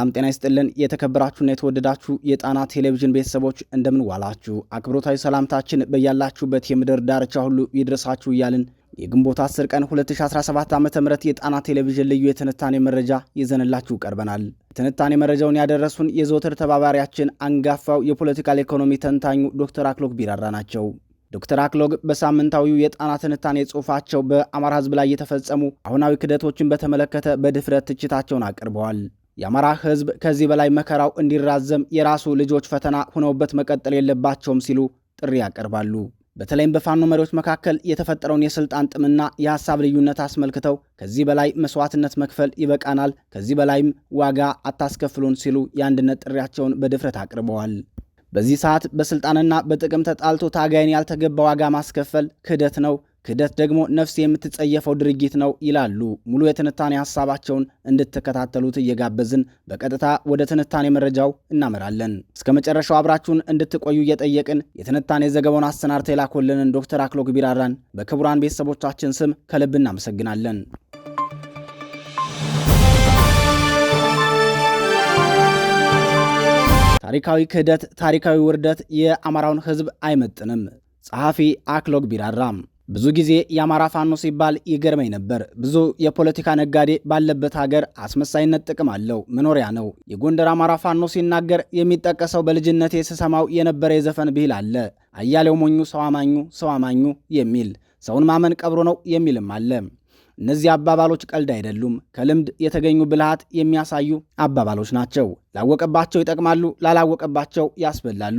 ሰላም ጤና ይስጥልን የተከበራችሁና የተወደዳችሁ የጣና ቴሌቪዥን ቤተሰቦች እንደምንዋላችሁ አክብሮታዊ ሰላምታችን በያላችሁበት የምድር ዳርቻ ሁሉ ይድረሳችሁ እያልን የግንቦት 10 ቀን 2017 ዓ ም የጣና ቴሌቪዥን ልዩ የትንታኔ መረጃ ይዘንላችሁ ቀርበናል። ትንታኔ መረጃውን ያደረሱን የዘወትር ተባባሪያችን አንጋፋው የፖለቲካል ኢኮኖሚ ተንታኙ ዶክተር አክሎግ ቢራራ ናቸው። ዶክተር አክሎግ በሳምንታዊው የጣና ትንታኔ ጽሑፋቸው በአማራ ሕዝብ ላይ የተፈጸሙ አሁናዊ ክደቶችን በተመለከተ በድፍረት ትችታቸውን አቅርበዋል። የአማራ ህዝብ ከዚህ በላይ መከራው እንዲራዘም የራሱ ልጆች ፈተና ሆነውበት መቀጠል የለባቸውም ሲሉ ጥሪ ያቀርባሉ። በተለይም በፋኖ መሪዎች መካከል የተፈጠረውን የስልጣን ጥምና የሐሳብ ልዩነት አስመልክተው ከዚህ በላይ መስዋዕትነት መክፈል ይበቃናል፣ ከዚህ በላይም ዋጋ አታስከፍሉን ሲሉ የአንድነት ጥሪያቸውን በድፍረት አቅርበዋል። በዚህ ሰዓት በስልጣንና በጥቅም ተጣልቶ ታጋይን ያልተገባ ዋጋ ማስከፈል ክህደት ነው፣ ክህደት ደግሞ ነፍስ የምትጸየፈው ድርጊት ነው ይላሉ። ሙሉ የትንታኔ ሀሳባቸውን እንድትከታተሉት እየጋበዝን በቀጥታ ወደ ትንታኔ መረጃው እናመራለን። እስከ መጨረሻው አብራችሁን እንድትቆዩ እየጠየቅን የትንታኔ ዘገባውን አሰናድተው የላኮልንን ዶክተር አክሎግ ቢራራን በክቡራን ቤተሰቦቻችን ስም ከልብ እናመሰግናለን። ታሪካዊ ክህደት፣ ታሪካዊ ውርደት የአማራውን ህዝብ አይመጥንም። ጸሐፊ አክሎግ ቢራራም ብዙ ጊዜ የአማራ ፋኖ ሲባል ይገርመኝ ነበር። ብዙ የፖለቲካ ነጋዴ ባለበት ሀገር አስመሳይነት ጥቅም አለው፣ መኖሪያ ነው። የጎንደር አማራ ፋኖ ሲናገር የሚጠቀሰው በልጅነቴ ስሰማው የነበረ የዘፈን ብሂል አለ። አያሌው ሞኙ ሰው አማኙ፣ ሰው አማኙ የሚል ሰውን ማመን ቀብሮ ነው የሚልም አለ። እነዚህ አባባሎች ቀልድ አይደሉም። ከልምድ የተገኙ ብልሃት የሚያሳዩ አባባሎች ናቸው። ላወቀባቸው ይጠቅማሉ፣ ላላወቀባቸው ያስበላሉ።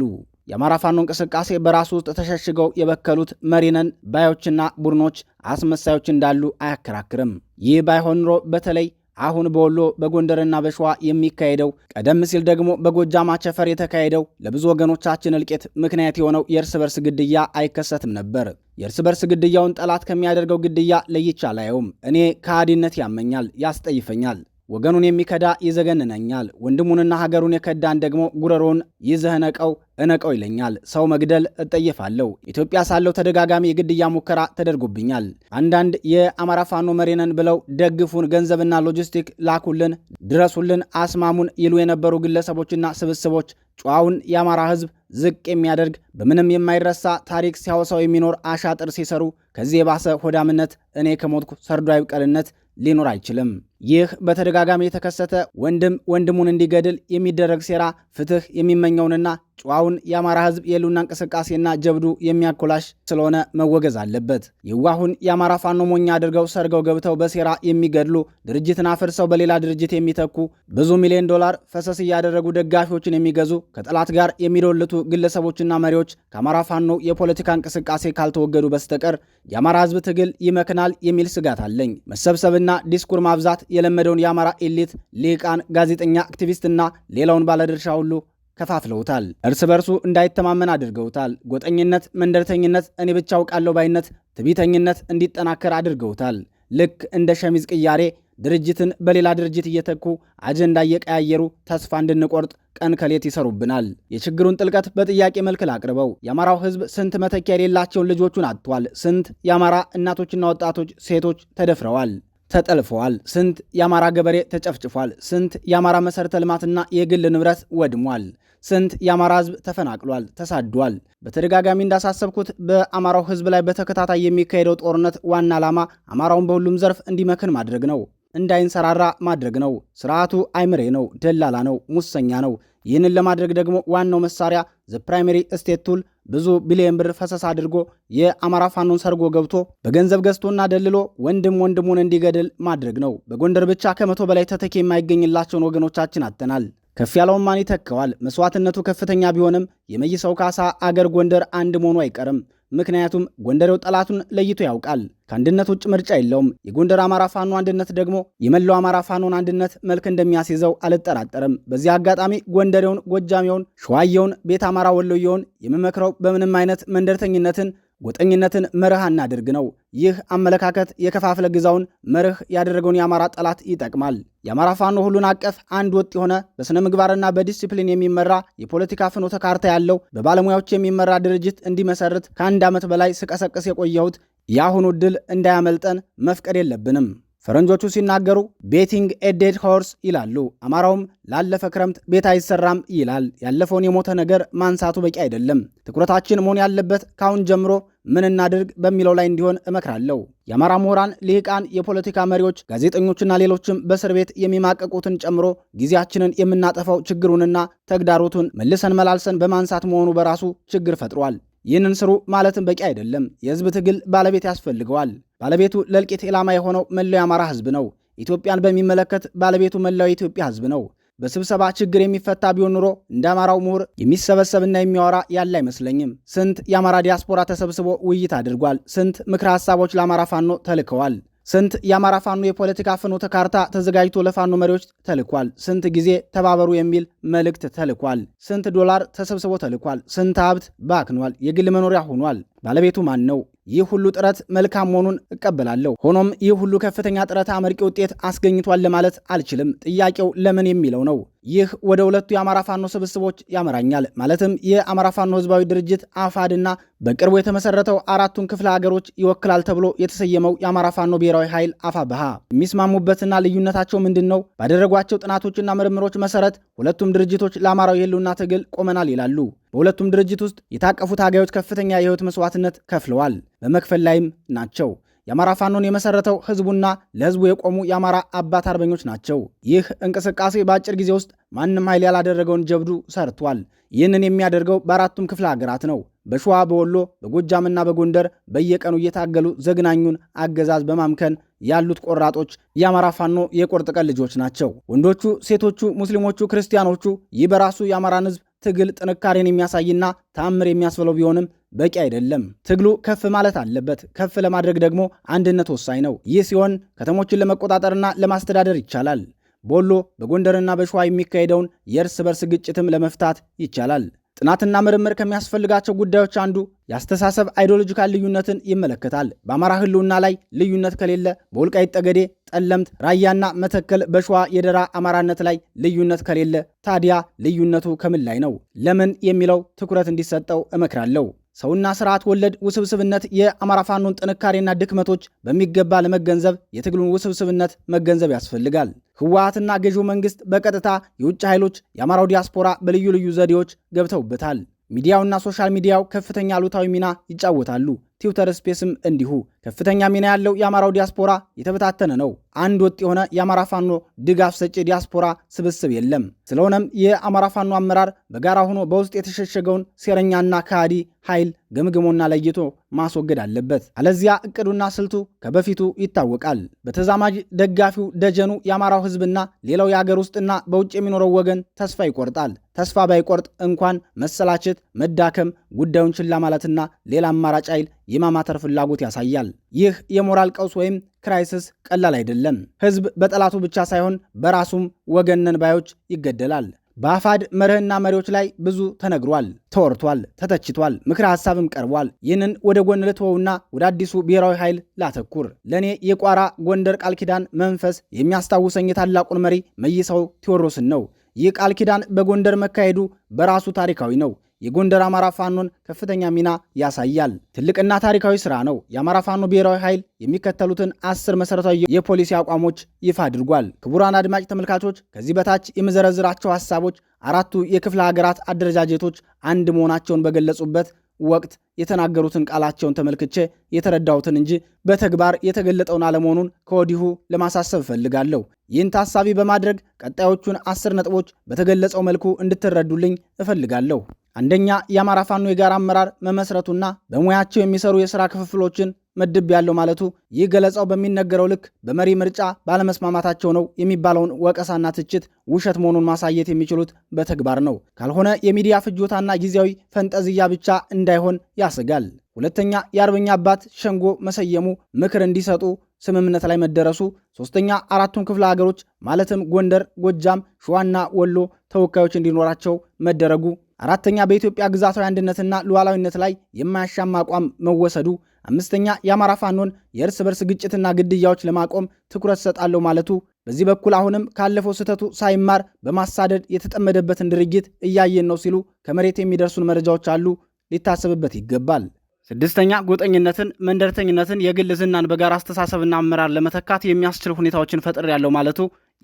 የአማራ ፋኖ እንቅስቃሴ በራሱ ውስጥ ተሸሽገው የበከሉት መሪነን ባዮችና ቡድኖች አስመሳዮች እንዳሉ አያከራክርም። ይህ ባይሆን ኖሮ በተለይ አሁን በወሎ በጎንደርና በሸዋ የሚካሄደው ቀደም ሲል ደግሞ በጎጃ ማቸፈር የተካሄደው ለብዙ ወገኖቻችን እልቂት ምክንያት የሆነው የእርስ በርስ ግድያ አይከሰትም ነበር። የእርስ በርስ ግድያውን ጠላት ከሚያደርገው ግድያ ለይቻ ላየውም እኔ ከሃዲነት ያመኛል፣ ያስጠይፈኛል። ወገኑን የሚከዳ ይዘገንነኛል፣ ወንድሙንና ሀገሩን የከዳን ደግሞ ጉረሮን ይዘህ ነቀው እነቀው ይለኛል። ሰው መግደል እጠየፋለሁ። ኢትዮጵያ ሳለው ተደጋጋሚ የግድያ ሙከራ ተደርጎብኛል። አንዳንድ የአማራ ፋኖ መሪ ብለው ደግፉን፣ ገንዘብና ሎጂስቲክ ላኩልን፣ ድረሱልን፣ አስማሙን ይሉ የነበሩ ግለሰቦችና ስብስቦች ጨዋውን የአማራ ህዝብ ዝቅ የሚያደርግ በምንም የማይረሳ ታሪክ ሲያወሳው የሚኖር አሻጥር ሲሰሩ ከዚህ የባሰ ሆዳምነት እኔ ከሞትኩ ሰርዶ አይብቀልነት ሊኖር አይችልም። ይህ በተደጋጋሚ የተከሰተ ወንድም ወንድሙን እንዲገድል የሚደረግ ሴራ ፍትህ የሚመኘውንና ጨዋውን የአማራ ህዝብ የሉና እንቅስቃሴና ጀብዱ የሚያኮላሽ ስለሆነ መወገዝ አለበት። የዋሁን የአማራ ፋኖ ሞኛ አድርገው ሰርገው ገብተው በሴራ የሚገድሉ ድርጅትን አፍርሰው በሌላ ድርጅት የሚተኩ ብዙ ሚሊዮን ዶላር ፈሰስ እያደረጉ ደጋፊዎችን የሚገዙ ከጠላት ጋር የሚዶልቱ ግለሰቦችና መሪዎች ከአማራ ፋኖ የፖለቲካ እንቅስቃሴ ካልተወገዱ በስተቀር የአማራ ህዝብ ትግል ይመክናል የሚል ስጋት አለኝ። መሰብሰብና ዲስኩር ማብዛት የለመደውን የአማራ ኤሊት ሊቃን፣ ጋዜጠኛ፣ አክቲቪስትና ሌላውን ባለድርሻ ሁሉ ከፋፍለውታል። እርስ በርሱ እንዳይተማመን አድርገውታል። ጎጠኝነት፣ መንደርተኝነት፣ እኔ ብቻ አውቃለሁ ባይነት፣ ትቢተኝነት እንዲጠናከር አድርገውታል። ልክ እንደ ሸሚዝ ቅያሬ ድርጅትን በሌላ ድርጅት እየተኩ አጀንዳ እየቀያየሩ ተስፋ እንድንቆርጥ ቀን ከሌት ይሰሩብናል። የችግሩን ጥልቀት በጥያቄ መልክ ላቅርበው። የአማራው ሕዝብ ስንት መተኪያ የሌላቸውን ልጆቹን አጥቷል። ስንት የአማራ እናቶችና ወጣቶች ሴቶች ተደፍረዋል። ተጠልፈዋል። ስንት የአማራ ገበሬ ተጨፍጭፏል። ስንት የአማራ መሠረተ ልማትና የግል ንብረት ወድሟል። ስንት የአማራ ሕዝብ ተፈናቅሏል፣ ተሳዷል። በተደጋጋሚ እንዳሳሰብኩት በአማራው ሕዝብ ላይ በተከታታይ የሚካሄደው ጦርነት ዋና ዓላማ አማራውን በሁሉም ዘርፍ እንዲመክን ማድረግ ነው፣ እንዳይንሰራራ ማድረግ ነው። ስርዓቱ አይምሬ ነው፣ ደላላ ነው፣ ሙሰኛ ነው ይህንን ለማድረግ ደግሞ ዋናው መሳሪያ ዘ ፕራይመሪ ስቴት ቱል ብዙ ቢሊዮን ብር ፈሰስ አድርጎ የአማራ ፋኖን ሰርጎ ገብቶ በገንዘብ ገዝቶና ደልሎ ወንድም ወንድሙን እንዲገድል ማድረግ ነው። በጎንደር ብቻ ከመቶ በላይ ተተኪ የማይገኝላቸውን ወገኖቻችን አጥተናል። ከፍ ያለውን ማን ይተከዋል? መስዋዕትነቱ ከፍተኛ ቢሆንም የመይሰው ካሳ አገር ጎንደር አንድ መሆኑ አይቀርም። ምክንያቱም ጎንደሬው ጠላቱን ለይቶ ያውቃል። ከአንድነት ውጭ ምርጫ የለውም። የጎንደር አማራ ፋኖ አንድነት ደግሞ የመላው አማራ ፋኖን አንድነት መልክ እንደሚያስይዘው አልጠራጠርም። በዚህ አጋጣሚ ጎንደሬውን፣ ጎጃሜውን፣ ሸዋየውን፣ ቤት አማራ ወሎየውን የምመክረው በምንም አይነት መንደርተኝነትን ጎጠኝነትን መርህ እናድርግ ነው። ይህ አመለካከት የከፋፍለ ግዛውን መርህ ያደረገውን የአማራ ጠላት ይጠቅማል። የአማራ ፋኖ ሁሉን አቀፍ አንድ ወጥ የሆነ በሥነ ምግባርና በዲሲፕሊን የሚመራ የፖለቲካ ፍኖተ ካርታ ያለው በባለሙያዎች የሚመራ ድርጅት እንዲመሰርት ከአንድ ዓመት በላይ ስቀሰቅስ የቆየሁት የአሁኑ ድል እንዳያመልጠን መፍቀድ የለብንም። ፈረንጆቹ ሲናገሩ ቤቲንግ ኤዴድ ሆርስ ይላሉ። አማራውም ላለፈ ክረምት ቤት አይሰራም ይላል። ያለፈውን የሞተ ነገር ማንሳቱ በቂ አይደለም። ትኩረታችን መሆን ያለበት ካሁን ጀምሮ ምን እናድርግ በሚለው ላይ እንዲሆን እመክራለሁ። የአማራ ምሁራን፣ ልሂቃን፣ የፖለቲካ መሪዎች፣ ጋዜጠኞችና ሌሎችም በእስር ቤት የሚማቀቁትን ጨምሮ ጊዜያችንን የምናጠፋው ችግሩንና ተግዳሮቱን መልሰን መላልሰን በማንሳት መሆኑ በራሱ ችግር ፈጥሯል። ይህንን ስሩ ማለትም በቂ አይደለም። የህዝብ ትግል ባለቤት ያስፈልገዋል። ባለቤቱ ለእልቂት ኢላማ የሆነው መላው የአማራ ህዝብ ነው። ኢትዮጵያን በሚመለከት ባለቤቱ መላው የኢትዮጵያ ህዝብ ነው። በስብሰባ ችግር የሚፈታ ቢሆን ኑሮ እንደ አማራው ምሁር የሚሰበሰብና የሚያወራ ያለ አይመስለኝም። ስንት የአማራ ዲያስፖራ ተሰብስቦ ውይይት አድርጓል። ስንት ምክረ ሀሳቦች ለአማራ ፋኖ ተልከዋል። ስንት የአማራ ፋኖ የፖለቲካ ፍኖተ ካርታ ተዘጋጅቶ ለፋኖ መሪዎች ተልኳል። ስንት ጊዜ ተባበሩ የሚል መልእክት ተልኳል። ስንት ዶላር ተሰብስቦ ተልኳል። ስንት ሀብት ባክኗል፣ የግል መኖሪያ ሆኗል። ባለቤቱ ማን ነው? ይህ ሁሉ ጥረት መልካም መሆኑን እቀበላለሁ። ሆኖም ይህ ሁሉ ከፍተኛ ጥረት አመርቂ ውጤት አስገኝቷል ለማለት አልችልም። ጥያቄው ለምን የሚለው ነው። ይህ ወደ ሁለቱ የአማራ ፋኖ ስብስቦች ያመራኛል። ማለትም የአማራ ፋኖ ህዝባዊ ድርጅት አፋድና በቅርቡ የተመሰረተው አራቱን ክፍለ ሀገሮች ይወክላል ተብሎ የተሰየመው የአማራ ፋኖ ብሔራዊ ኃይል አፋብሃ የሚስማሙበትና ልዩነታቸው ምንድን ነው? ባደረጓቸው ጥናቶችና ምርምሮች መሰረት ሁለቱም ድርጅቶች ለአማራው የህልውና ትግል ቆመናል ይላሉ። በሁለቱም ድርጅት ውስጥ የታቀፉት ታጋዮች ከፍተኛ የህይወት መስዋዕትነት ከፍለዋል፣ በመክፈል ላይም ናቸው። የአማራ ፋኖን የመሰረተው ህዝቡና ለህዝቡ የቆሙ የአማራ አባት አርበኞች ናቸው። ይህ እንቅስቃሴ በአጭር ጊዜ ውስጥ ማንም ኃይል ያላደረገውን ጀብዱ ሰርቷል። ይህንን የሚያደርገው በአራቱም ክፍለ ሀገራት ነው። በሸዋ፣ በወሎ፣ በጎጃምና በጎንደር በየቀኑ እየታገሉ ዘግናኙን አገዛዝ በማምከን ያሉት ቆራጦች የአማራ ፋኖ የቁርጥ ቀን ልጆች ናቸው። ወንዶቹ፣ ሴቶቹ፣ ሙስሊሞቹ፣ ክርስቲያኖቹ ይህ በራሱ የአማራን ህዝብ ትግል ጥንካሬን የሚያሳይና ተአምር የሚያስብለው ቢሆንም በቂ አይደለም። ትግሉ ከፍ ማለት አለበት። ከፍ ለማድረግ ደግሞ አንድነት ወሳኝ ነው። ይህ ሲሆን ከተሞችን ለመቆጣጠርና ለማስተዳደር ይቻላል። ቦሎ በጎንደርና በሸዋ የሚካሄደውን የእርስ በርስ ግጭትም ለመፍታት ይቻላል። ጥናትና ምርምር ከሚያስፈልጋቸው ጉዳዮች አንዱ የአስተሳሰብ አይዲዮሎጂካል ልዩነትን ይመለከታል። በአማራ ሕልውና ላይ ልዩነት ከሌለ በወልቃይት ጠገዴ፣ ጠለምት፣ ራያና መተከል፣ በሸዋ የደራ አማራነት ላይ ልዩነት ከሌለ ታዲያ ልዩነቱ ከምን ላይ ነው? ለምን የሚለው ትኩረት እንዲሰጠው እመክራለሁ። ሰውና ስርዓት ወለድ ውስብስብነት የአማራ ፋኖን ጥንካሬና ድክመቶች በሚገባ ለመገንዘብ የትግሉን ውስብስብነት መገንዘብ ያስፈልጋል። ህወሀትና ገዢው መንግስት በቀጥታ የውጭ ኃይሎች የአማራው ዲያስፖራ በልዩ ልዩ ዘዴዎች ገብተውበታል። ሚዲያውና ሶሻል ሚዲያው ከፍተኛ አሉታዊ ሚና ይጫወታሉ። ትዊተር ስፔስም እንዲሁ። ከፍተኛ ሚና ያለው የአማራው ዲያስፖራ የተበታተነ ነው። አንድ ወጥ የሆነ የአማራ ፋኖ ድጋፍ ሰጪ ዲያስፖራ ስብስብ የለም። ስለሆነም የአማራ ፋኖ አመራር በጋራ ሆኖ በውስጥ የተሸሸገውን ሴረኛና ከሃዲ ኃይል ገምግሞና ለይቶ ማስወገድ አለበት። አለዚያ እቅዱና ስልቱ ከበፊቱ ይታወቃል። በተዛማጅ ደጋፊው ደጀኑ የአማራው ሕዝብና ሌላው የአገር ውስጥና በውጭ የሚኖረው ወገን ተስፋ ይቆርጣል። ተስፋ ባይቆርጥ እንኳን መሰላቸት፣ መዳከም፣ ጉዳዩን ችላ ማለትና ሌላ አማራጭ ኃይል የማማተር ፍላጎት ያሳያል። ይህ የሞራል ቀውስ ወይም ክራይሲስ ቀላል አይደለም። ህዝብ በጠላቱ ብቻ ሳይሆን በራሱም ወገነን ባዮች ይገደላል። በአፋድ መርህና መሪዎች ላይ ብዙ ተነግሯል፣ ተወርቷል፣ ተተችቷል፣ ምክረ ሐሳብም ቀርቧል። ይህንን ወደ ጎን ልትወውና ወደ አዲሱ ብሔራዊ ኃይል ላተኩር። ለእኔ የቋራ ጎንደር ቃል ኪዳን መንፈስ የሚያስታውሰኝ የታላቁን መሪ መይሳው ቴዎድሮስን ነው። ይህ ቃል ኪዳን በጎንደር መካሄዱ በራሱ ታሪካዊ ነው። የጎንደር አማራ ፋኖን ከፍተኛ ሚና ያሳያል። ትልቅና ታሪካዊ ስራ ነው። የአማራ ፋኖ ብሔራዊ ኃይል የሚከተሉትን አስር መሰረታዊ የፖሊሲ አቋሞች ይፋ አድርጓል። ክቡራን አድማጭ ተመልካቾች ከዚህ በታች የምዘረዝራቸው ሀሳቦች አራቱ የክፍለ ሀገራት አደረጃጀቶች አንድ መሆናቸውን በገለጹበት ወቅት የተናገሩትን ቃላቸውን ተመልክቼ የተረዳሁትን እንጂ በተግባር የተገለጠውን አለመሆኑን ከወዲሁ ለማሳሰብ እፈልጋለሁ። ይህን ታሳቢ በማድረግ ቀጣዮቹን አስር ነጥቦች በተገለጸው መልኩ እንድትረዱልኝ እፈልጋለሁ። አንደኛ የአማራ ፋኖ የጋራ አመራር መመስረቱና በሙያቸው የሚሰሩ የስራ ክፍፍሎችን ምድብ ያለው ማለቱ ይህ ገለጻው በሚነገረው ልክ በመሪ ምርጫ ባለመስማማታቸው ነው የሚባለውን ወቀሳና ትችት ውሸት መሆኑን ማሳየት የሚችሉት በተግባር ነው። ካልሆነ የሚዲያ ፍጆታና ጊዜያዊ ፈንጠዝያ ብቻ እንዳይሆን ያስጋል። ሁለተኛ የአርበኛ አባት ሸንጎ መሰየሙ፣ ምክር እንዲሰጡ ስምምነት ላይ መደረሱ። ሶስተኛ አራቱም ክፍለ ሀገሮች ማለትም ጎንደር፣ ጎጃም፣ ሸዋና ወሎ ተወካዮች እንዲኖራቸው መደረጉ አራተኛ በኢትዮጵያ ግዛታዊ አንድነትና ሉዓላዊነት ላይ የማያሻማ አቋም መወሰዱ፣ አምስተኛ የአማራ ፋኖን የእርስ በርስ ግጭትና ግድያዎች ለማቆም ትኩረት ሰጣለሁ ማለቱ በዚህ በኩል አሁንም ካለፈው ስህተቱ ሳይማር በማሳደድ የተጠመደበትን ድርጊት እያየን ነው ሲሉ ከመሬት የሚደርሱን መረጃዎች አሉ። ሊታሰብበት ይገባል። ስድስተኛ ጎጠኝነትን፣ መንደርተኝነትን፣ የግል ዝናን በጋራ አስተሳሰብና አመራር ለመተካት የሚያስችል ሁኔታዎችን ፈጥር ያለው ማለቱ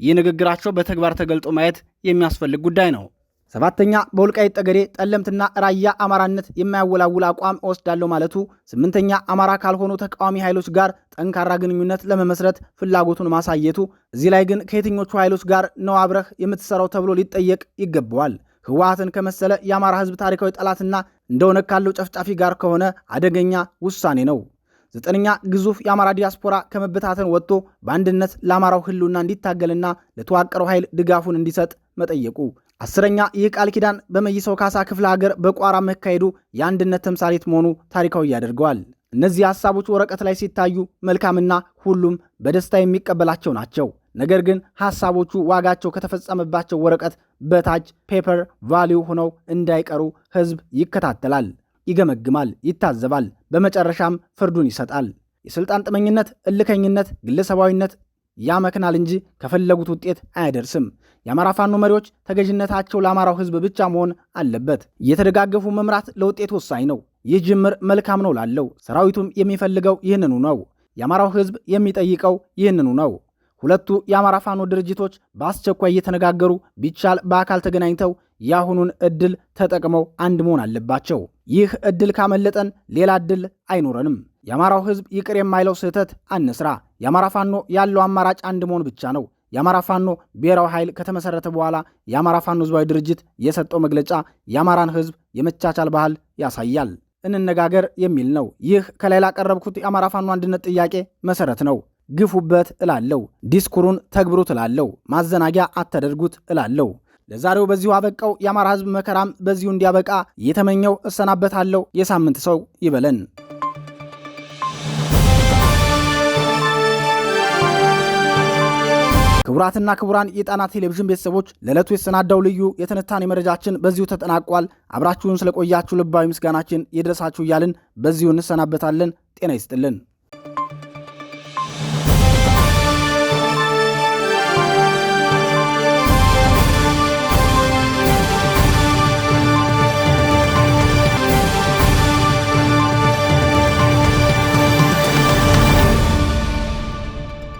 ይህ ንግግራቸው በተግባር ተገልጦ ማየት የሚያስፈልግ ጉዳይ ነው። ሰባተኛ በወልቃይት ጠገዴ ጠለምትና ራያ አማራነት የማያወላውል አቋም እወስዳለሁ ማለቱ፣ ስምንተኛ አማራ ካልሆኑ ተቃዋሚ ኃይሎች ጋር ጠንካራ ግንኙነት ለመመስረት ፍላጎቱን ማሳየቱ፣ እዚህ ላይ ግን ከየትኞቹ ኃይሎች ጋር ነው አብረህ የምትሰራው ተብሎ ሊጠየቅ ይገባዋል። ህወሓትን ከመሰለ የአማራ ህዝብ ታሪካዊ ጠላትና እንደሆነ ካለው ጨፍጫፊ ጋር ከሆነ አደገኛ ውሳኔ ነው። ዘጠነኛ ግዙፍ የአማራ ዲያስፖራ ከመበታተን ወጥቶ በአንድነት ለአማራው ህልውና እንዲታገልና ለተዋቀረው ኃይል ድጋፉን እንዲሰጥ መጠየቁ። አስረኛ ይህ ቃል ኪዳን በመይሰው ካሳ ክፍለ ሀገር በቋራ መካሄዱ የአንድነት ተምሳሌት መሆኑ ታሪካዊ ያደርገዋል። እነዚህ ሀሳቦች ወረቀት ላይ ሲታዩ መልካምና ሁሉም በደስታ የሚቀበላቸው ናቸው። ነገር ግን ሀሳቦቹ ዋጋቸው ከተፈጸመባቸው ወረቀት በታች ፔፐር ቫሊዩ ሆነው እንዳይቀሩ ህዝብ ይከታተላል። ይገመግማል፣ ይታዘባል፣ በመጨረሻም ፍርዱን ይሰጣል። የሥልጣን ጥመኝነት፣ እልከኝነት፣ ግለሰባዊነት ያመክናል እንጂ ከፈለጉት ውጤት አያደርስም። የአማራ ፋኖ መሪዎች ተገዥነታቸው ለአማራው ህዝብ ብቻ መሆን አለበት። እየተደጋገፉ መምራት ለውጤት ወሳኝ ነው። ይህ ጅምር መልካም ነው ላለው ሰራዊቱም የሚፈልገው ይህንኑ ነው። የአማራው ህዝብ የሚጠይቀው ይህንኑ ነው። ሁለቱ የአማራ ፋኖ ድርጅቶች በአስቸኳይ እየተነጋገሩ ቢቻል በአካል ተገናኝተው የአሁኑን እድል ተጠቅመው አንድ መሆን አለባቸው። ይህ እድል ካመለጠን ሌላ እድል አይኖረንም። የአማራው ህዝብ ይቅር የማይለው ስህተት አንስራ። የአማራ ፋኖ ያለው አማራጭ አንድ መሆን ብቻ ነው። የአማራ ፋኖ ብሔራዊ ኃይል ከተመሰረተ በኋላ የአማራ ፋኖ ህዝባዊ ድርጅት የሰጠው መግለጫ የአማራን ህዝብ የመቻቻል ባህል ያሳያል፣ እንነጋገር የሚል ነው። ይህ ከላይ ላቀረብኩት የአማራ ፋኖ አንድነት ጥያቄ መሰረት ነው። ግፉበት እላለው። ዲስኩሩን ተግብሩት እላለው። ማዘናጊያ አተደርጉት እላለው። ለዛሬው በዚሁ አበቃው። የአማራ ህዝብ መከራም በዚሁ እንዲያበቃ እየተመኘው እሰናበታለሁ። የሳምንት ሰው ይበለን። ክቡራትና ክቡራን የጣና ቴሌቪዥን ቤተሰቦች ለዕለቱ የተሰናዳው ልዩ የትንታኔ መረጃችን በዚሁ ተጠናቋል። አብራችሁን ስለቆያችሁ ልባዊ ምስጋናችን የደረሳችሁ እያልን በዚሁ እንሰናበታለን። ጤና ይስጥልን።